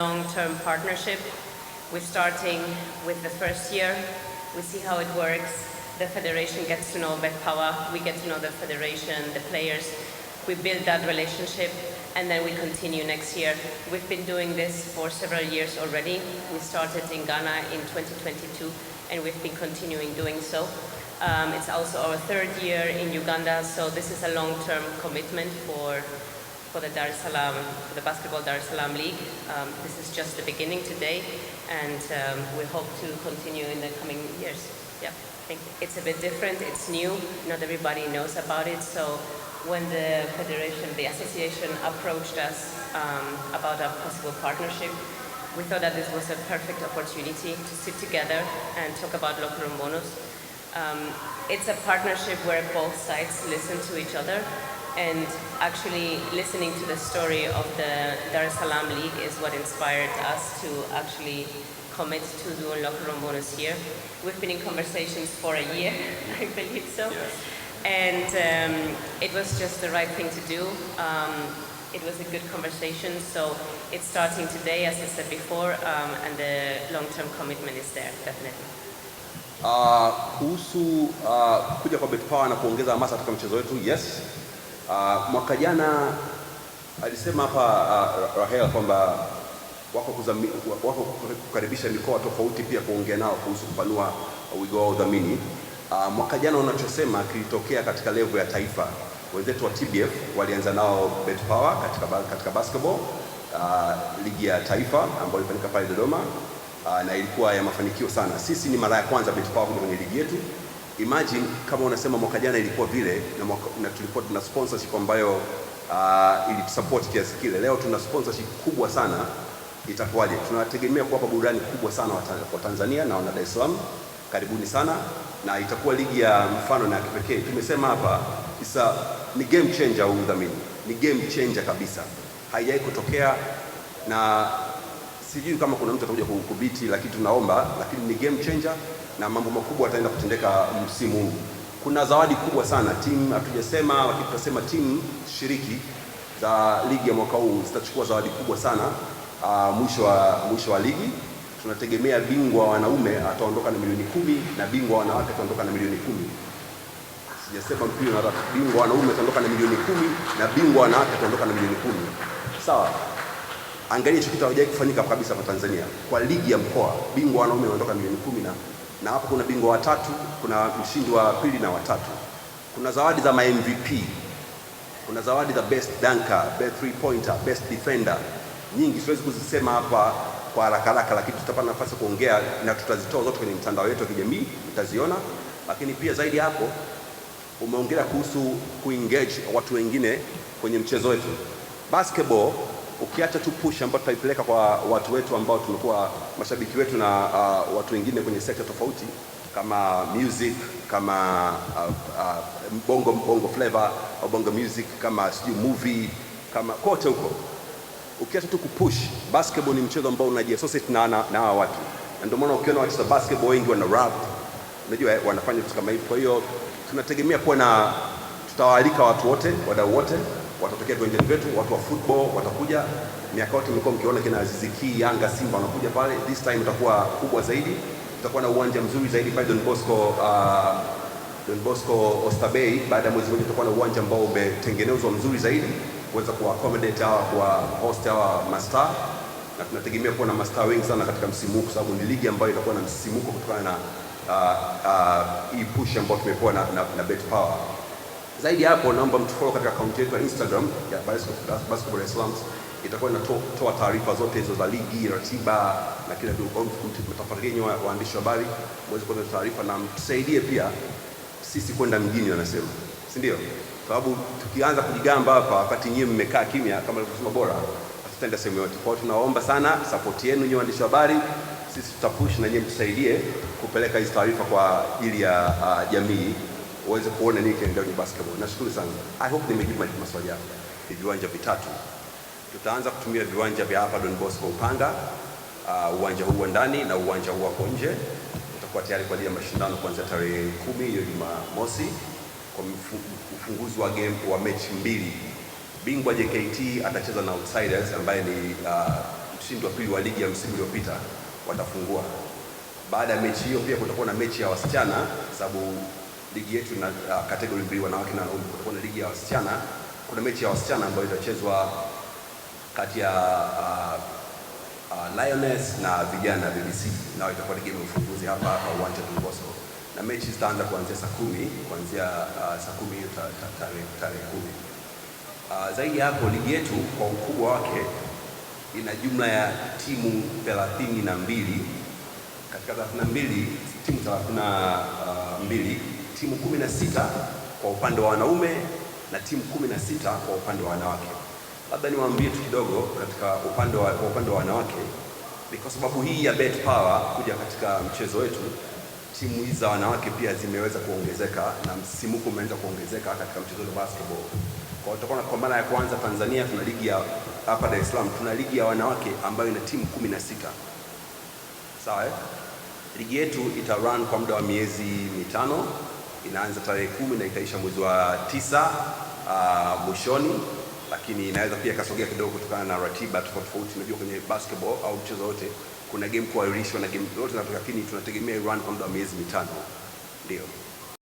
long-term partnership. We're starting with the first year. We see how it works. The federation gets to know Power. We get to know the federation, the players. We build that relationship, and then we continue next year. We've been doing this for several years already. We started in Ghana in 2022, and we've been continuing doing so. Um, it's also our third year in Uganda, so this is a long-term commitment for for the Dar es Salaam, for the Basketball Dar es Salaam League. Um, this is just the beginning today, and um, we hope to continue in the coming years. Yeah, thank you. It's a bit different, it's new, not everybody knows about it, so when the federation, the association approached us um, about a possible partnership, we thought that this was a perfect opportunity to sit together and talk about local Rombonos. Um, it's a partnership where both sides listen to each other and actually listening to the story of the Dar es Salaam League is what inspired us to actually commit to doing Room Bonus. here. We've been in conversations for a year, I believe so. Yes. And um, it was just the right thing to do. Um, it was a good conversation, so it's starting today, as I said before, um, and the long-term commitment is there, definitely. Uh, kuhusu uh, kuja kwa Betpower na kuongeza hamasa katika mchezo wetu, yes, Ah, mwaka jana alisema hapa ah, Rahel kwamba wako, wako kukaribisha mikoa tofauti pia kuongea nao kuhusu kupanua wigo wa udhamini. Uh, mwaka jana unachosema kilitokea katika levo ya taifa. Wenzetu wa TBF walianza nao Bet Power katika, katika basketball uh, ligi ya taifa ambayo ilifanyika pale Dodoma uh, na ilikuwa ya mafanikio sana. Sisi ni mara ya kwanza Bet Power kwenye ligi yetu Imagine kama unasema mwaka jana ilikuwa vile na, mwaka, na tulikuwa tuna sponsorship ambayo uh, ah, ilisupport kiasi kile. Leo tuna sponsorship kubwa sana, itakuwaje? Tunategemea kuwapa burudani kubwa sana kwa Tanzania na wana Dar es Salaam. Karibuni sana, na itakuwa ligi ya mfano na kipekee. Tumesema hapa isa, ni game changer huu udhamini, ni game changer kabisa, haijawahi kutokea na sijui kama kuna mtu atakuja kukubiti, lakini tunaomba, lakini ni game changer na mambo makubwa yataenda kutendeka msimu huu. Kuna zawadi kubwa sana timu, hatujasema lakini tutasema timu shiriki za ligi ya mwaka huu zitachukua zawadi kubwa sana uh, mwisho wa, mwisho wa ligi tunategemea bingwa wanaume ataondoka na milioni kumi na bingwa wanawake ataondoka na milioni kumi Sijasema mpira na rafiki, bingwa wanaume ataondoka na milioni kumi na bingwa wanawake ataondoka na milioni kumi Sawa, angalia hicho kitu hawajawahi kufanyika kabisa kwa Tanzania. Kwa ligi ya mkoa bingwa wanaume wanaondoka milioni kumi na na hapo kuna bingwa watatu, kuna mshindi wa pili na watatu, kuna zawadi za MVP, kuna zawadi za best dunker, best three pointer, best defender, nyingi siwezi kuzisema hapa kwa haraka haraka, lakini tutapata nafasi kuongea na tutazitoa zote kwenye mtandao wetu wa kijamii, mtaziona. Lakini pia zaidi hapo, umeongelea kuhusu kuengage watu wengine kwenye mchezo wetu basketball ukiacha tu push ambayo tutaipeleka kwa watu wetu ambao tumekuwa mashabiki wetu na uh, watu wengine kwenye sekta tofauti kama music kama uh, uh, bongo, bongo flavor au bongo music kama sijui movie kama kote huko, ukiacha tu kupush, basketball ni mchezo ambao unajiassociate na na hawa watu, na ndio maana ukiona wacheza basketball wengi wana rap, unajua wanafanya vitu kama hivyo. Kwa hiyo tunategemea kuwa na tutawaalika watu wote, wadau wote watatokea viwanjani vyetu watu wa football watakuja. Miaka yote mlikuwa mkiona kina Aziziki Yanga, Simba wanakuja pale, this time itakuwa kubwa zaidi, tutakuwa na uwanja mzuri zaidi pale Don Bosco, uh, Don Bosco Oysterbay. Baada ya mwezi mmoja tutakuwa na uwanja ambao umetengenezwa mzuri zaidi kuweza kuwa accommodate hawa kwa host hawa mastaa, na tunategemea kuwa na mastaa wengi sana katika msimu huu, kwa sababu ni ligi ambayo itakuwa na msimuko kutokana na uh, uh, hii push ambayo tumepewa na, na, na bet power zaidi hapo, naomba mtufollow katika akaunti yetu ya Instagram ya Basketball Islam, itakuwa inatoa taarifa zote hizo za ligi, ratiba na kila kitu. Mtafadhali waandishi wa habari mweze kupata taarifa na mtusaidie pia sisi kwenda mjini, wanasema si ndio? Sababu tukianza kujigamba hapa wakati nyinyi mmekaa kimya, kama alivyosema bora hatutaenda sehemu yote. Kwa hiyo tunaomba sana support yenu nyinyi waandishi wa habari, sisi tutapush na nyinyi mtusaidie kupeleka hizi taarifa kwa ajili ya uh, jamii uweze kuona nini kinaendelea kwenye basketball. Nashukuru sana. I hope nimejibu maswali yako. Ni viwanja vitatu, tutaanza kutumia viwanja vya hapa Don Bosco Upanga, uh, uwanja huu wa ndani na uwanja huu hapo nje utakuwa tayari kwa ajili ya mashindano kuanzia tarehe kumi hiyo Jumamosi kwa ufunguzi wa game wa mechi mbili. Bingwa JKT atacheza na Outsiders ambaye ni uh, mshindi wa pili wa ligi ya msimu uliopita watafungua. Baada ya mechi hiyo pia kutakuwa na mechi ya wasichana sababu ligi yetu na uh, kategori mbili wanawake na wanaume. Kutakuwa na ligi ya wasichana, kuna mechi ya wasichana ambayo itachezwa kati ya uh, uh, Lioness na vijana BBC, nao itakuwa ni game ya ufunguzi hapa uwanja wa Ngoso, na mechi zitaanza kuanzia saa kumi kuanzia uh, saa kumi hiyo tarehe kumi. Uh, zaidi ya hapo ligi yetu kwa ukubwa wake ina jumla ya timu thelathini na mbili katika 32 timu 32 timu kumi na sita kwa upande wa wanaume na timu kumi na sita kwa upande wa wanawake. Labda niwaambie tu kidogo katika upande wa, kwa upande wa wanawake ni kwa sababu hii ya bet power kuja katika mchezo wetu, timu hizi za wanawake pia zimeweza kuongezeka na msimuko umeanza kuongezeka katika mchezo wa basketball. Kwa tutakuwa kwa mara ya kwanza Tanzania tuna ligi ya hapa Dar es Salaam tuna ligi ya wanawake ambayo ina timu kumi na sita. Sawa? Eh? Ligi yetu ita run kwa muda wa miezi mitano inaanza tarehe kumi na itaisha mwezi wa tisa uh, mwishoni, lakini inaweza pia ikasogea kidogo kutokana na ratiba tofauti tofauti. Unajua, kwenye basketball au mchezo wote kuna game kuahirishwa na game zote zinatoka, lakini tunategemea run kwa muda wa miezi mitano, ndio.